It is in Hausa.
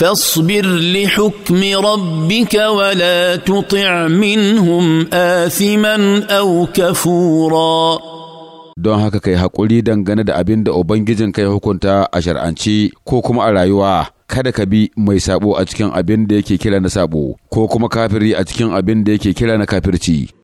فاصبر لحكم ربك ولا تطع منهم آثما أو كفورا don haka kai haƙuri dangane da abin da Ubangijin kai hukunta a shar'anci ko kuma a rayuwa kada ka bi mai sabo a cikin abin da yake kira na sabo ko kuma kafiri a cikin abin da yake kira na kafirci